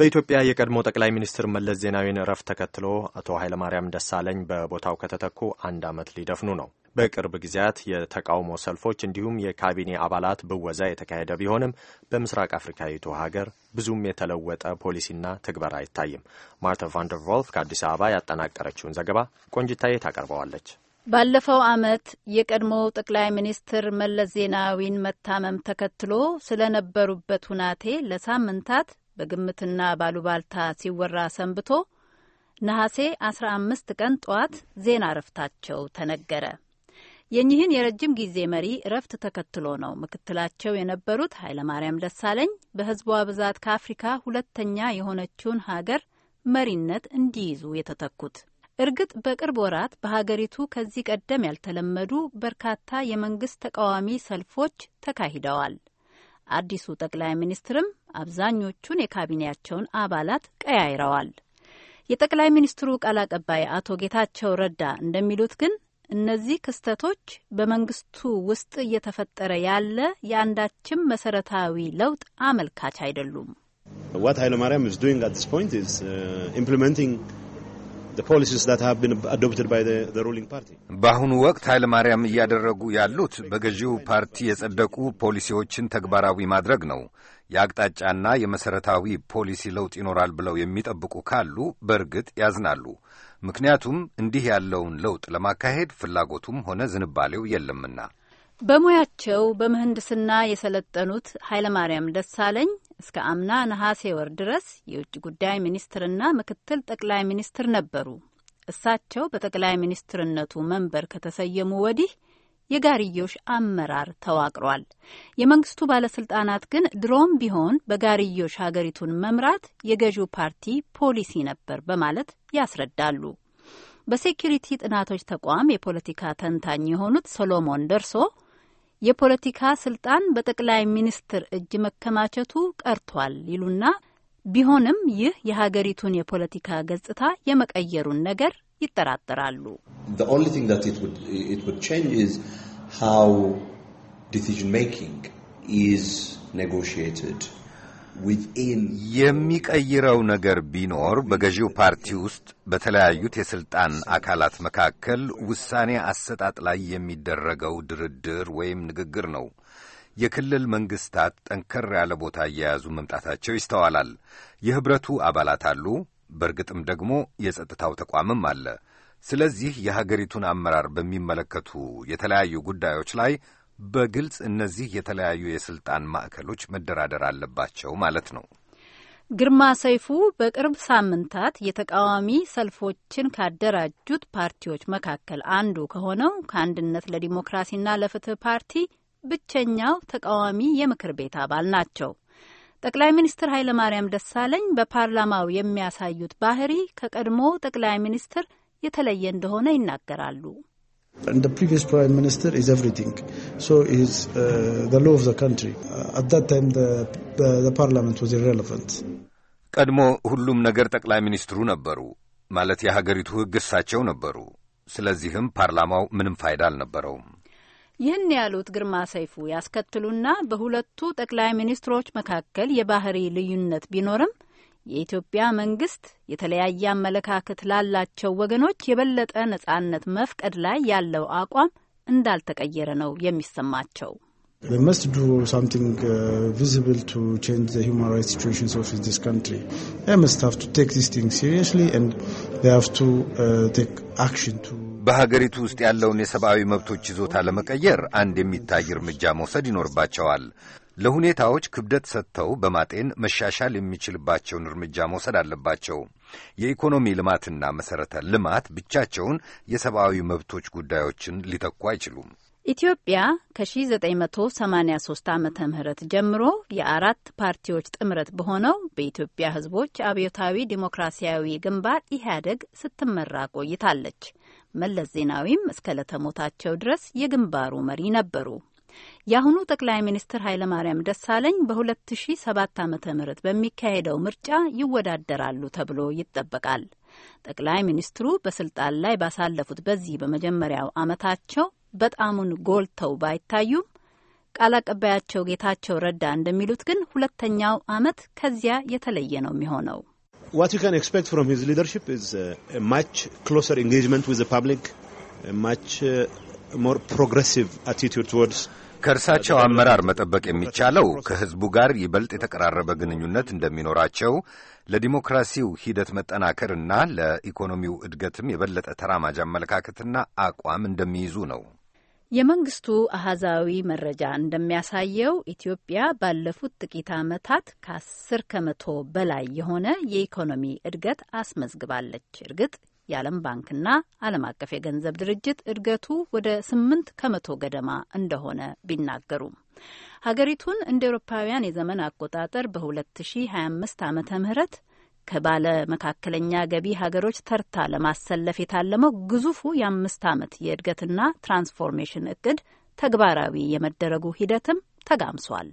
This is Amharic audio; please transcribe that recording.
በኢትዮጵያ የቀድሞ ጠቅላይ ሚኒስትር መለስ ዜናዊን እረፍት ተከትሎ አቶ ኃይለማርያም ደሳለኝ በቦታው ከተተኩ አንድ ዓመት ሊደፍኑ ነው። በቅርብ ጊዜያት የተቃውሞ ሰልፎች እንዲሁም የካቢኔ አባላት ብወዛ የተካሄደ ቢሆንም በምስራቅ አፍሪካዊቱ ሀገር ብዙም የተለወጠ ፖሊሲና ትግበር አይታይም። ማርተ ቫንደር ቮልፍ ከአዲስ አበባ ያጠናቀረችውን ዘገባ ቆንጅታዬ ታቀርበዋለች። ባለፈው ዓመት የቀድሞ ጠቅላይ ሚኒስትር መለስ ዜናዊን መታመም ተከትሎ ስለነበሩበት ሁናቴ ለሳምንታት በግምትና ባሉባልታ ሲወራ ሰንብቶ ነሐሴ 15 ቀን ጠዋት ዜና እረፍታቸው ተነገረ። የኚህን የረጅም ጊዜ መሪ እረፍት ተከትሎ ነው ምክትላቸው የነበሩት ኃይለማርያም ደሳለኝ በሕዝቧ ብዛት ከአፍሪካ ሁለተኛ የሆነችውን ሀገር መሪነት እንዲይዙ የተተኩት። እርግጥ በቅርብ ወራት በሀገሪቱ ከዚህ ቀደም ያልተለመዱ በርካታ የመንግስት ተቃዋሚ ሰልፎች ተካሂደዋል። አዲሱ ጠቅላይ ሚኒስትርም አብዛኞቹን የካቢኔያቸውን አባላት ቀያይረዋል። የጠቅላይ ሚኒስትሩ ቃል አቀባይ አቶ ጌታቸው ረዳ እንደሚሉት ግን እነዚህ ክስተቶች በመንግስቱ ውስጥ እየተፈጠረ ያለ የአንዳችም መሰረታዊ ለውጥ አመልካች አይደሉም። ዋት ኃይለማርያም ኢዝ ዱይንግ አት ዚስ ፖይንት ኢዝ ኢምፕሊመንቲንግ በአሁኑ ወቅት ማርያም እያደረጉ ያሉት በገዢው ፓርቲ የጸደቁ ፖሊሲዎችን ተግባራዊ ማድረግ ነው። የአቅጣጫና የመሠረታዊ ፖሊሲ ለውጥ ይኖራል ብለው የሚጠብቁ ካሉ በእርግጥ ያዝናሉ። ምክንያቱም እንዲህ ያለውን ለውጥ ለማካሄድ ፍላጎቱም ሆነ ዝንባሌው የለምና። በሙያቸው በምህንድስና የሰለጠኑት ኃይለማርያም ደሳለኝ እስከ አምና ነሐሴ ወር ድረስ የውጭ ጉዳይ ሚኒስትርና ምክትል ጠቅላይ ሚኒስትር ነበሩ። እሳቸው በጠቅላይ ሚኒስትርነቱ መንበር ከተሰየሙ ወዲህ የጋርዮሽ አመራር ተዋቅሯል። የመንግስቱ ባለስልጣናት ግን ድሮም ቢሆን በጋርዮሽ ሀገሪቱን መምራት የገዢው ፓርቲ ፖሊሲ ነበር በማለት ያስረዳሉ። በሴኪሪቲ ጥናቶች ተቋም የፖለቲካ ተንታኝ የሆኑት ሶሎሞን ደርሶ የፖለቲካ ስልጣን በጠቅላይ ሚኒስትር እጅ መከማቸቱ ቀርቷል ይሉና ቢሆንም ይህ የሀገሪቱን የፖለቲካ ገጽታ የመቀየሩን ነገር ይጠራጠራሉ። ዲሲዥን ሜኪንግ ኢዝ ኔጎሺዬትድ የሚቀይረው ነገር ቢኖር በገዢው ፓርቲ ውስጥ በተለያዩት የሥልጣን አካላት መካከል ውሳኔ አሰጣጥ ላይ የሚደረገው ድርድር ወይም ንግግር ነው። የክልል መንግሥታት ጠንከር ያለ ቦታ እየያዙ መምጣታቸው ይስተዋላል። የኅብረቱ አባላት አሉ። በእርግጥም ደግሞ የጸጥታው ተቋምም አለ። ስለዚህ የሀገሪቱን አመራር በሚመለከቱ የተለያዩ ጉዳዮች ላይ በግልጽ እነዚህ የተለያዩ የስልጣን ማዕከሎች መደራደር አለባቸው ማለት ነው። ግርማ ሰይፉ በቅርብ ሳምንታት የተቃዋሚ ሰልፎችን ካደራጁት ፓርቲዎች መካከል አንዱ ከሆነው ከአንድነት ለዲሞክራሲና ለፍትህ ፓርቲ ብቸኛው ተቃዋሚ የምክር ቤት አባል ናቸው። ጠቅላይ ሚኒስትር ኃይለማርያም ደሳለኝ በፓርላማው የሚያሳዩት ባህሪ ከቀድሞ ጠቅላይ ሚኒስትር የተለየ እንደሆነ ይናገራሉ። And the previous prime minister is everything. So is uh, the law of the country. Uh, At that time, the, uh, the parliament was irrelevant. ቀድሞ ሁሉም ነገር ጠቅላይ ሚኒስትሩ ነበሩ፣ ማለት የሀገሪቱ ሕግ እሳቸው ነበሩ። ስለዚህም ፓርላማው ምንም ፋይዳ አልነበረውም። ይህን ያሉት ግርማ ሰይፉ ያስከትሉና በሁለቱ ጠቅላይ ሚኒስትሮች መካከል የባህሪ ልዩነት ቢኖርም የኢትዮጵያ መንግስት የተለያየ አመለካከት ላላቸው ወገኖች የበለጠ ነጻነት መፍቀድ ላይ ያለው አቋም እንዳልተቀየረ ነው የሚሰማቸው። uh, uh, በሀገሪቱ ውስጥ ያለውን የሰብአዊ መብቶች ይዞታ ለመቀየር አንድ የሚታይ እርምጃ መውሰድ ይኖርባቸዋል። ለሁኔታዎች ክብደት ሰጥተው በማጤን መሻሻል የሚችልባቸውን እርምጃ መውሰድ አለባቸው። የኢኮኖሚ ልማትና መሠረተ ልማት ብቻቸውን የሰብአዊ መብቶች ጉዳዮችን ሊተኩ አይችሉም። ኢትዮጵያ ከ1983 ዓመተ ምህረት ጀምሮ የአራት ፓርቲዎች ጥምረት በሆነው በኢትዮጵያ ሕዝቦች አብዮታዊ ዲሞክራሲያዊ ግንባር ኢህአደግ ስትመራ ቆይታለች። መለስ ዜናዊም እስከ ለተሞታቸው ድረስ የግንባሩ መሪ ነበሩ። የአሁኑ ጠቅላይ ሚኒስትር ኃይለማርያም ደሳለኝ በ2007 ዓ ም በሚካሄደው ምርጫ ይወዳደራሉ ተብሎ ይጠበቃል። ጠቅላይ ሚኒስትሩ በስልጣን ላይ ባሳለፉት በዚህ በመጀመሪያው ዓመታቸው በጣሙን ጎልተው ባይታዩም ቃል አቀባያቸው ጌታቸው ረዳ እንደሚሉት ግን ሁለተኛው ዓመት ከዚያ የተለየ ነው የሚሆነው። What you can expect from his leadership is a uh, much closer engagement with the public, a uh, much uh, more progressive attitude towards ከእርሳቸው አመራር መጠበቅ የሚቻለው ከሕዝቡ ጋር ይበልጥ የተቀራረበ ግንኙነት እንደሚኖራቸው ለዲሞክራሲው ሂደት መጠናከርና ለኢኮኖሚው እድገትም የበለጠ ተራማጅ አመለካከትና አቋም እንደሚይዙ ነው። የመንግስቱ አሃዛዊ መረጃ እንደሚያሳየው ኢትዮጵያ ባለፉት ጥቂት ዓመታት ከአስር ከመቶ በላይ የሆነ የኢኮኖሚ እድገት አስመዝግባለች። እርግጥ የዓለም ባንክና ዓለም አቀፍ የገንዘብ ድርጅት እድገቱ ወደ ስምንት ከመቶ ገደማ እንደሆነ ቢናገሩም ሀገሪቱን እንደ ኤሮፓውያን የዘመን አቆጣጠር በ2025 ዓመተ ምህረት ከባለ መካከለኛ ገቢ ሀገሮች ተርታ ለማሰለፍ የታለመው ግዙፉ የአምስት ዓመት የእድገትና ትራንስፎርሜሽን እቅድ ተግባራዊ የመደረጉ ሂደትም ተጋምሷል።